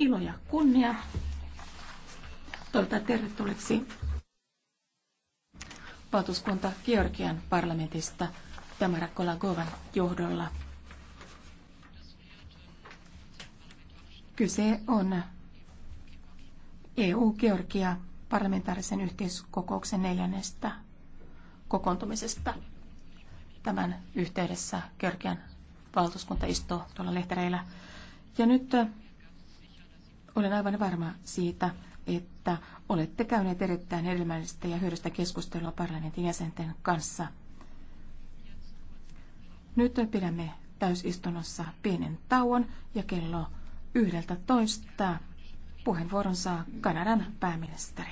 ilo ja kunnia toivottaa tervetulleeksi valtuuskunta Georgian parlamentista Tamara Kolagovan johdolla. Kyse on EU-Georgia parlamentaarisen yhteiskokouksen neljännestä kokoontumisesta. Tämän yhteydessä Georgian valtuuskunta istuu tuolla lehtereillä. Ja nyt olen aivan varma siitä, että olette käyneet erittäin hedelmällistä ja hyödyllistä keskustelua parlamentin jäsenten kanssa. Nyt pidämme täysistunnossa pienen tauon ja kello 11 puheenvuoron saa Kanadan pääministeri.